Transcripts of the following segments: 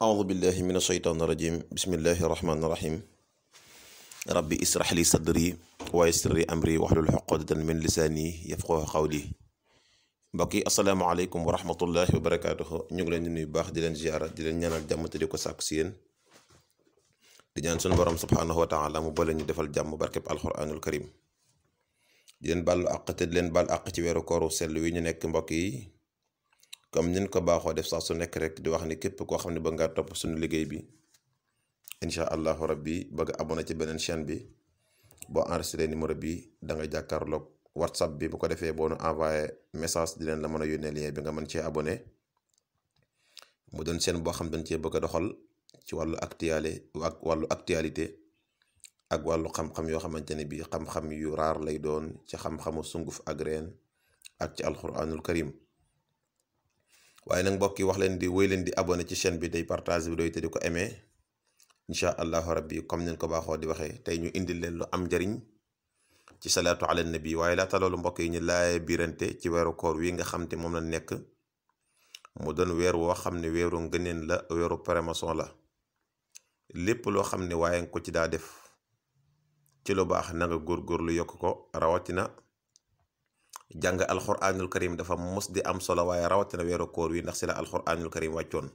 aoudu billahi min asheytaan irajim bismillahi irrahmaani irrahim rabbi israh li sadri wa yassir li amri wahlul uqdatan min lisaani yafqahu qawli mbokk yi asalaamaaleykum wa rahmatullahi wa barakaatuhu ñu ngi leen di nuyu baax di leen ziyaara di leen ñaanal jàmm te di ko sàkku si yéen di ñaan sunu borom subhaanahu wa taala mu bala ñu defal jàmm barkeb alquraanul karim di leen bàllu di leen bàllu àq ci weeru kooru sell wi ñu nekk mbokk yi comme nin ko baaxoo def sax su nekk rek di wax ni képp koo xam ne bëgg ngaa topp suñu liggéey bi incha allahu rabbi bëgg abona ci beneen chaîne bi boo enregistré numéro bi da nga jàkkaarloog whatsapp bi bu ko defee boo nu envoyé message di leen la mën a yónnee lien bi nga mën cee abonné mu doon seen boo xam dañ cee bëgg doxal ci wàllu actualité ak wàllu actualité ak wàllu xam-xam yoo xamante ne bii xam-xam yu raar lay doon ci xam-xamu sunguf ak reen ak ci alquranul karim waaye nag mbokk yi wax leen di wéy leen di abonné ci chaîne bi day partage vidéo yi te di ko aimé incha allahu rabbi comme neen ko baaxoo di waxee tey ñu indil leen lu am njariñ ci salaatu ala nabi waaye laata loolu mbokk yi ñu laay biirante ci weeru koor wi nga xam te moom la nekk mu doon weer woo xam ne weeru ngëneen la weeru promotion la lépp loo xam ne waaye nga ko ci daa def ci lu baax na nga lu yokk ko rawatina jàng alxuraanul karim dafa mos di am solo waaye rawatina weeru koor wi ndax si la alxuraanul karim wàccoon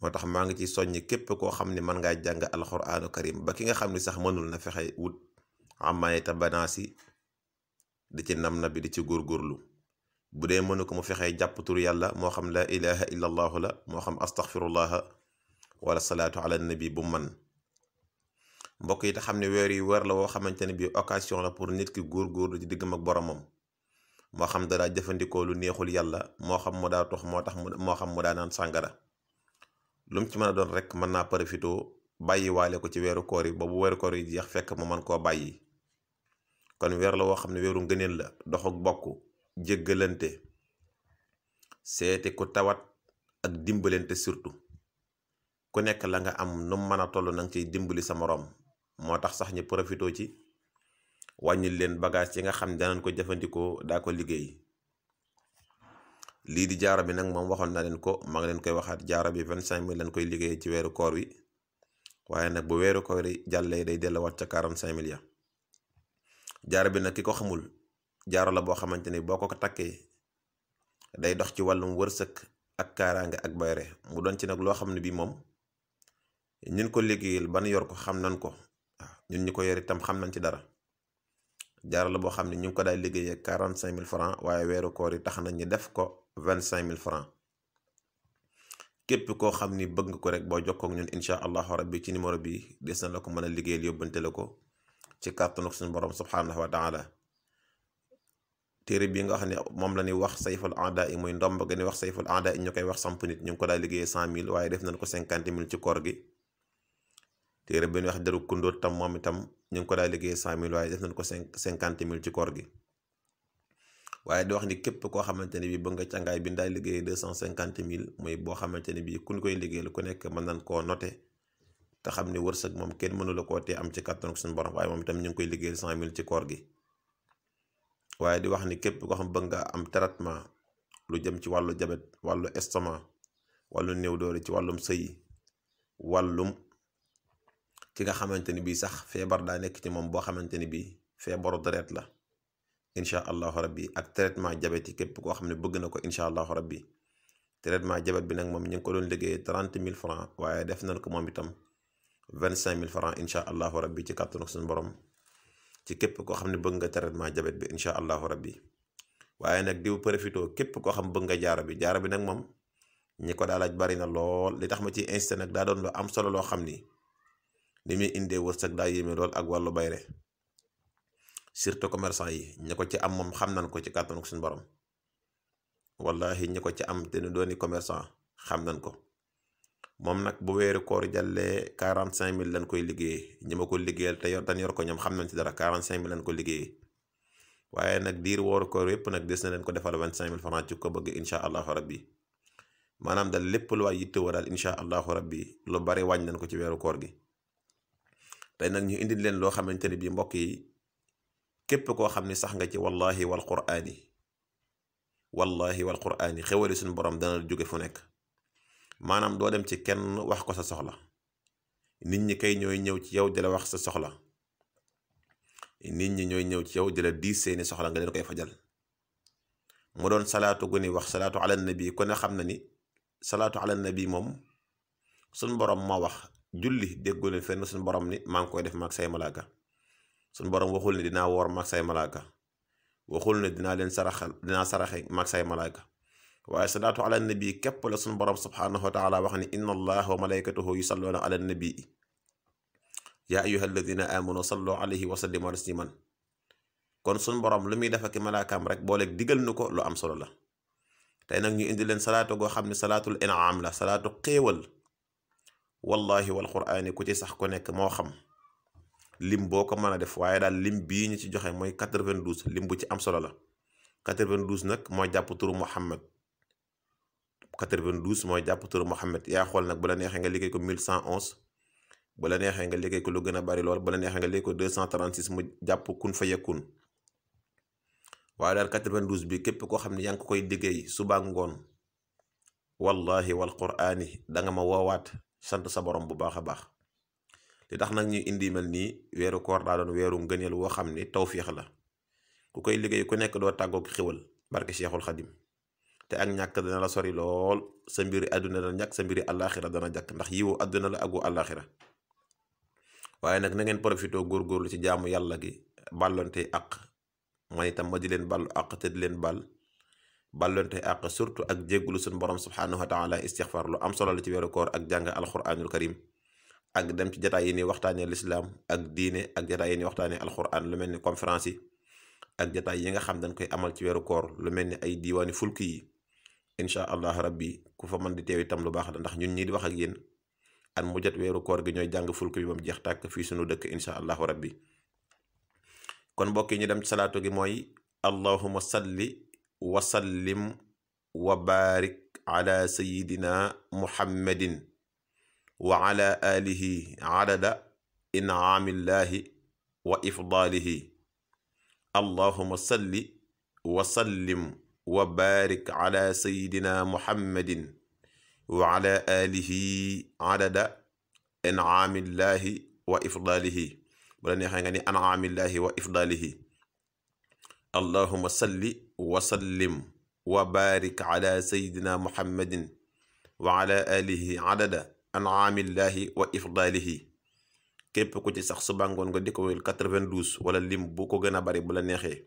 moo tax maa ngi ci soññ képp koo xam ne mën ngaa jàng alxuraanul karim ba ki nga xam ne sax mënul na fexe wut amaayta banaasi di ci nam na bi di ci góorgóorlu bu dee mënu ko mu fexee jàpp tur yàlla moo xam la ilaha illa allahu la moo xam astaxfirullaha wala salaatu ala nabi bu man mbokk yi te xam ne weer yi weer la woo xamante ne bii occasion la pour nit ki góorgóorlu ci diggam ak boromam moo xam da daa jëfandikoo lu neexul yàlla moo xam mu daa tox moo tax mu moo xam mu daa naan sàngara lu ci mën a doon rek mën naa profité bàyyi waale ko ci weeru koor yi boobu bu weeru koor yi jeex fekk mu mën koo bàyyi kon weer la woo xam ne weeru ngëneel la doxuk bokk jéggalante seeti ku tawat ak dimbalante surtout ku nekk la nga am nu mën a toll na nga ciy dimbali sa moroom moo tax sax ñu profité ci wàññil leen bagage yi nga xam ne danañ ko jëfandikoo daa ko liggéey lii di jaaro bi nag moom waxoon na leen ko ma ngi leen koy waxaat jaaro bi vingt cinq mille lañ koy liggéey ci weeru koor wi waaye nag bu weeru koor yi jàllee day delluwaat ca quarante cinq mille ya bi nag ki ko xamul jaaro la boo xamante ni boo ko takkee day dox ci wàllum wërsëg ak kaaraange ak bayre mu doon ci nag loo xam ne bii moom ñun ko liggéeyal ban yor ko xam nañ ko waaw ñun ñu ko yor itam xam nañ ci dara jaara boo xam ne ñu ngi ko daay liggéeyee quarante cinq mille francs waaye weeru koor yi tax na ñu def ko vingt cinq mille francs képp koo xam ni bëgg nga ko rek boo kook ñu incha allahu rabbi ci numéro bi des na la ko mën a liggéeyal yóbbante la ko ci kàttanu suñ borom subhanahu wa taala téere bi nga xam ne moom la ñuy wax sayful aada yi muy ndomb ga ni wax sayful aada yi ñu koy wax samp nit ñu ngi ko daay liggéeyee cent mille waaye def nañ ko cinquante mille ci koor gi téere bi ñu wax deru kundóot tam moom itam ñu ngi ko daal liggéey cent mille waaye def nañ ko cinquante mil ci koor gi waaye di wax ni képp koo xamante ne bii bëgg nga càngaay bi ñu liggéey deux cent cinquante mille muy xamante ne bii kuñ koy liggéeyal ku nekk mën nañ koo noté te xam ne wërsëg moom kenn mënu la koo tee am ci kàttan suñu borom waaye moom itam ñu ngi koy liggéeyal cent mille ci koor di wax ni képp koo xam bëgg nga am traitement lu jëm ci wàllu jabet wàllu estomac wàllu néew doole ci wàllum sëy wàllum ki nga xamante ni bii sax feebar daa nekk ci moom boo xamante ni bii feebaru deret la incha allahu rabbi ak traitement jabet yi képp koo xam ne bëgg na ko incha allahu rabbi traitement diabète bi nag moom ñu ngi ko doon liggéeyee trente mille francs waaye def nañ ko moom itam vingt cinq mille francs incha allahu rabbi ci kàttanu suñu borom ci képp koo xam ne bëgg nga traitement diabète bi incha allahu rabbi waaye nag diw profité képp koo xam bëgg nga jaaro bi jaaro bi nag moom ñi ko daalaaj bari na lool li tax ma ci insté nag daa doon lu am solo loo xam ni li muy indee wërsëg daa yéeme lool ak wàllu bayre surtout commerçant yi ña ko ci am moom xam nañ ko ci kàttanu suñu borom wallahi ña ko ci am te ñu dooni commerçant xam nañ ko moom nag bu weeru koor jàllee quarante cinq mille lañ koy liggéeyee ñi ko liggéeyal te yor tan yor ko ñoom xam nañ ci dara quarante cinq mille lañ ko liggéeyee waaye nag diir wooru koor yëpp nag des na leen ko defal vingt cinq mille francs ci ko bëgg incha allahu rabbi maanaam daal lépp lu waay yittewoo daal incha allahu rabbi lu bari wàññi nañ ko ci weeru koor gi. tey nag ñu indil leen loo xamante ne bii mbokk yi képp koo xam ne sax nga ci wallahi wal quraani wallahi wal quraani xewali suñu borom dana jóge fu nekk maanaam doo dem ci kenn wax ko sa soxla nit ñi kay ñooy ñëw ci yow jala wax sa soxla nit ñi ñooy ñëw ci yow di la diis seeni soxla nga leen koy fajal mu doon salaatu gu wax salaatu ala nabi ku ne xam na ni salaatu ala nabi moom suñ boroom moo wax julli déggoo leen fenn suñu borom ni maa ngi koy def maag say malaaka suñu borom waxul ne dinaa woor maag say malaaka waxul ne dinaa leen saraxal dinaa saraxe maag say malaaka waaye salaatu ala nabi képp la suñu borom subhaanahu wa taala wax ni inna allaha wa malaykatahu yusalluuna ala nabii yaa ayyuha alladina amanu sallu alayhi wa sallimu tasliman kon suñu borom lu muy def ak malaakaam rek booleeg digal nu ko lu am solo la tey nag ñu indi leen salaatu goo xam ne salaatul inaam la salaatu xéewal wallahi wal qur'aani ku ci sax ko nekk moo xam lim boo ko mën a def waaye daal lim bii ñu ci joxe mooy quatre-vingt-douze lim bu ci am solo la quatre-vingt-douze nag mooy jàpp turu Muhammad quatre-vingt-douze mooy jàpp turu Muhammad yaa xool nag bu la neexee liggéey ko mille cent onze bu la neexee nga liggéey ko lu gën a bari lool bu la neexee nga liggéey ko deux jàpp kun fa yakun waaye daal quatre-vingt-douze bi képp koo xam ne yaa ngi koy liggéey suba ngoon wallahi wal qur'aani da nga ma woowaat sant sa borom bu baax a baax li tax nag ñu indi mel nii weeru koor daa doon weeru ngëneel woo xam ni tawfiix la ku koy liggéey ku nekk doo tàggook xéwal barke seexul Xadim te ak ñàkk dana la sori lool sa mbiri àdduna dana ñàkk sa mbiri àllaaxira dana jàkk ndax yiwu àdduna la agu àllaaxira waaye nag na ngeen profité góorgóorlu ci jaamu yàlla gi bàllonte ak man itam ma di leen bàllu àq te di leen bàll ballonte àq surtout ak jéggulu suñu borom subhaanahu wa taala istixfar lu am solo la ci weeru koor ak jàng alquranul karim ak dem ci jataay yi ni waxtaanee lislaam ak diine ak jataay yi ni waxtaanee alquran lu mel ni conférence ak jataay yi nga xam dañ koy amal ci weeru koor lu mel ni ay diiwaani fulki yi incha allah rabbi ku fa mën di teew itam lu baax la ndax ñun ñii di wax ak yéen mu jot weeru koor gi ñooy jàng fulki bi ba mu jeex tàkk fii sunu dëkk incha allah rabbi kon mbokk yi ñu dem ci salaatu gi mooy allahuma salli wasallim wa baarik ala sayidina muhammadin wa ala alihi adada incaamillahi wa ifdaalihi allahuma salli wa sallim wa baarik ala sayidina muhammadin wa ala alihi adada incaamillahi wa ifdaalihi bu la neexee nga ni ancaamillahi wa ifdaalihi allahuma salli wasallim wa baarik ala sayidina muhammadin wa ala alihi adada an'aamillahi wa ifdaalihi képp ku ci sax su bàngoon nga di ko wéyal 92 wala lim bu ko gën a bari bu la neexee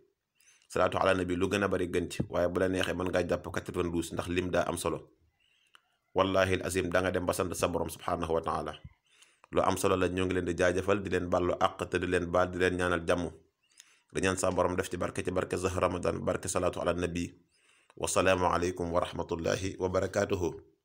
salaatu ala nabi lu gën a bari gën ci waaye bu la neexee mën ngaa jàpp 92 ndax lim daa am solo wallahi al azim da nga dem ba sant sa borom subhaanahu wa taala lu am solo la ñoo ngi leen di jaajëfal di leen baal lu àq te di leen baal di leen ñaanal jàmm dañaan sa borom def ci barke ci barke zahra ramadan barke salaatu ala nabi wasalaamu aleykum wa rahmatullahi wa barakaatuhu